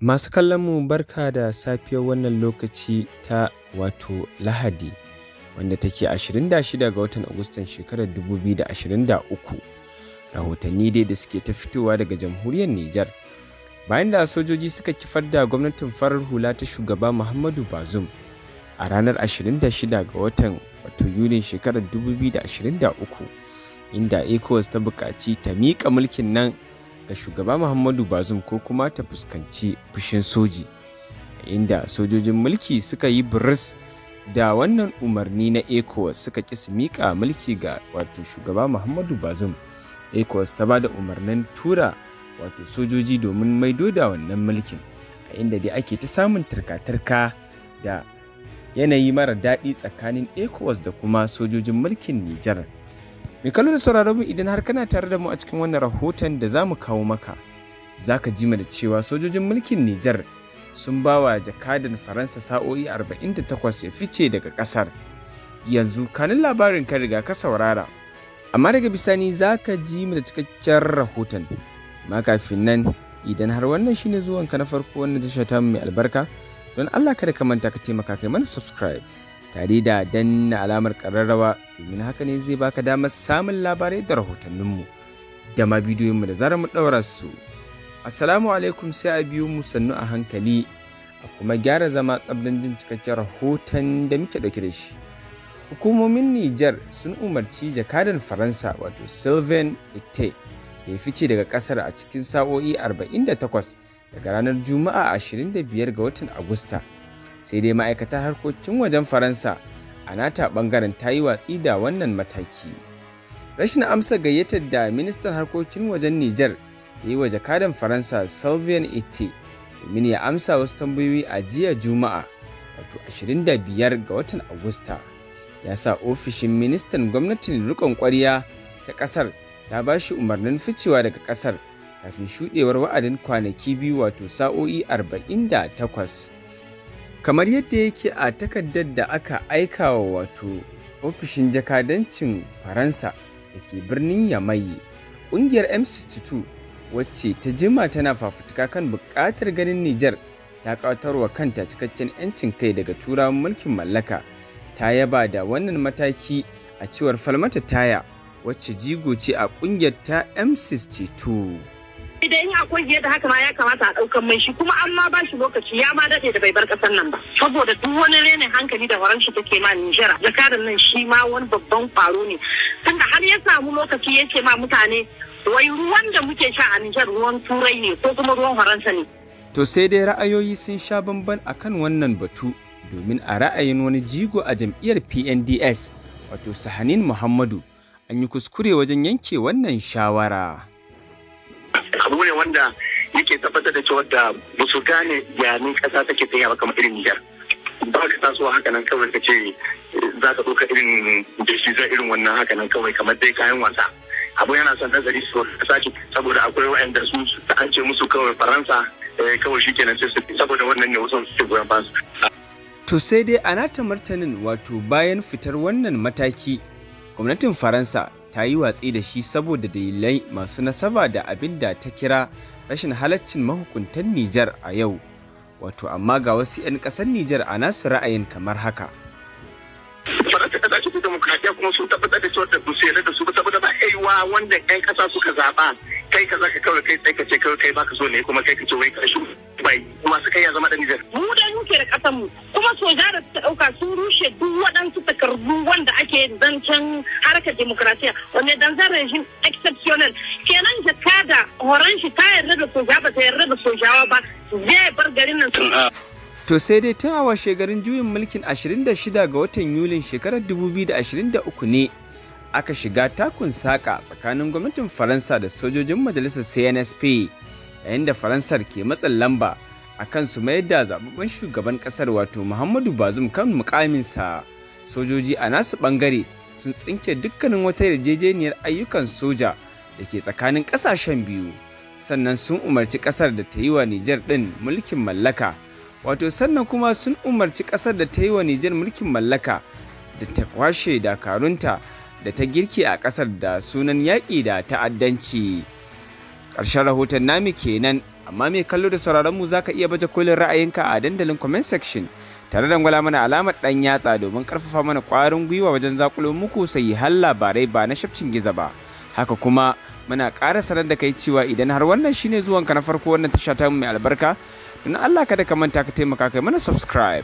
Masu kallon mu barka da safiyar wannan lokaci ta wato Lahadi wanda take 26 ga watan Agustan shekarar 2023. Rahotanni dai da suke ta fitowa daga jamhuriyar Nijar. Bayan da sojoji suka kifar da gwamnatin farar hula ta shugaba Muhammadu Bazum a ranar 26 ga watan wato Yunin shekarar 2023 inda ECOWAS ta buƙaci ta miƙa mulkin nan ga shugaba muhammadu bazum ko kuma ta fuskanci fushin soji inda sojojin mulki suka yi buris, da wannan umarni na ecowas suka ƙi su miƙa mulki ga wato shugaba muhammadu bazum ecowas ta ba da umarnin tura wato sojoji domin maido da wannan mulkin a inda dai ake ta samun tarka-tarka da yanayi mara daɗi tsakanin ecowas da kuma sojojin mulkin nijar Mai kallo da sauraron mu idan har kana tare da mu a cikin wannan rahoton da za mu kawo maka, za ka ji da cewa sojojin mulkin Nijar sun ba wa jakadan Faransa sa'o'i 48 ya fice daga ƙasar. Yanzu kanin labarin ka riga ka saurara, amma daga bisani za ka ji mu da cikakken rahoton. Ma kafin nan idan har wannan shine zuwanka na farko wannan tashar ta mai albarka, don Allah kada ka manta ka taimaka kai mana subscribe. tare da danna alamar ƙararrawa domin haka ne zai baka damar samun labarai da rahotanninmu da ma bidiyoyinmu da zarar mu ɗaura su. Assalamu alaikum sai a biyo mu sannu a hankali a kuma gyara zama tsabdan jin cikakken rahoton da muke ɗauke da shi. Hukumomin Nijar sun umarci jakadan Faransa wato Sylvain Ite da ya fice daga ƙasar a cikin sa'o'i 48 daga ranar Juma'a 25 ga watan Agusta. sai dai ma'aikatar harkokin wajen faransa a nata bangaren ta yi watsi da wannan mataki rashin amsa gayyatar da ministan harkokin wajen niger ya yi wa jakadan faransa sylvain ite domin ya amsa wasu tambayoyi a jiya juma'a wato 25 ga watan agusta ya sa ofishin ministan gwamnatin rikon kwariya ta kasar ta ba shi umarnin ficewa daga kasar kafin shudewar wa'adin kwanaki biyu wato sa'o'i 48 kamar yadda yake a takardar da aka aika wa wato ofishin jakadancin faransa da ke birnin yamai ƙungiyar m62 wacce ta jima tana fafutuka kan buƙatar ganin nijar ta wa kanta cikakken 'yancin kai daga turawan mulkin mallaka ta yaba da wannan mataki a cewar falmata taya wacce jigo ce a ƙungiyar ta m62 idan akwai fiye da haka ma ya kamata a ɗaukan mai shi kuma an ma ba shi lokaci ya ma daɗe da bai bar ƙasar nan ba saboda duk wani rene hankali da waran shi take ma Nijar zakarin nan shi ma wani babban kwaro ne tunda har ya samu lokaci yake ma mutane wai ruwan da muke sha a Nijar ruwan turai ne ko kuma ruwan Faransa ne to sai dai ra'ayoyi sun sha bamban akan wannan batu domin a ra'ayin wani jigo a jam'iyyar PNDS wato Sahanin Muhammadu an yi kuskure wajen yanke wannan shawara ne wanda yake tabbatar da cewa da ba su gane yanin kasa take tafiya ba kamar irin Niger Ba ka tasowa haka nan kawai ka ce za ka ɗauka irin shi za irin wannan haka nan kawai kamar dai kayan wasa. Abu yana son nazari su sake saboda akwai wa'anda su an ce musu kawai Faransa eh, kawai shi kenan sai su saboda wannan ne wasan su goyon basu. To sai dai a nata martanin wato bayan fitar wannan mataki gwamnatin Faransa ta yi watsi da shi saboda dalilai masu nasaba da abin da ta kira rashin halaccin mahukuntan Nijar a yau. Wato amma ga wasu 'yan ƙasar Nijar a nasu ra'ayin kamar haka. Faransa ƙasa ce ta demokratiya kuma sun tabbatar da cewa da su saboda ba aiwa wanda 'yan ƙasa suka zaɓa kai ka zaka kawai kai sai ka ce kawai kai baka so ne kuma kai ka ce wai karshe bai kuma su kai ya zama da Nijar. Mu da muke da ƙasar kuma soja da suka ɗauka sun rushe duk duk wanda ake zancen harkar demokrasiya wanda dan zan rejim exceptional kenan kada horon shi ta yarda da soja ba ta yarda da sojawa ba zai bar garin nan To sai dai tun a washe juyin mulkin 26 ga watan Yulin shekarar 2023 ne aka shiga takun saƙa tsakanin gwamnatin Faransa da sojojin majalisar CNSP yayin da Faransar ke matsin lamba a kan su mayar da zababben shugaban ƙasar wato Muhammadu Bazum kan mukaminsa. sojoji a nasu bangare sun tsinke dukkanin wata yarjejeniyar ayyukan soja da ke tsakanin ƙasashen biyu sannan sun umarci ƙasar da ta yi wa Nijar din mulkin mallaka wato sannan kuma sun umarci ƙasar da ta yi wa Nijar mulkin mallaka da ta kwashe dakarunta da ta girki a ƙasar da sunan yaƙi da ta'addanci ƙarshen rahoton nami kenan amma mai kallo da sauraron mu zaka iya baje kolin ra'ayinka a dandalin comment section tare da gwala mana alamar dan yatsa domin karfafa mana kwarin gwiwa wajen zakulo muku sai har labarai ba na shafcin giza ba haka kuma muna ƙara sanar da kai cewa idan har wannan shine ka na farko wannan tasha ta mu mai albarka don Allah kada ka manta ka taimaka kai mana subscribe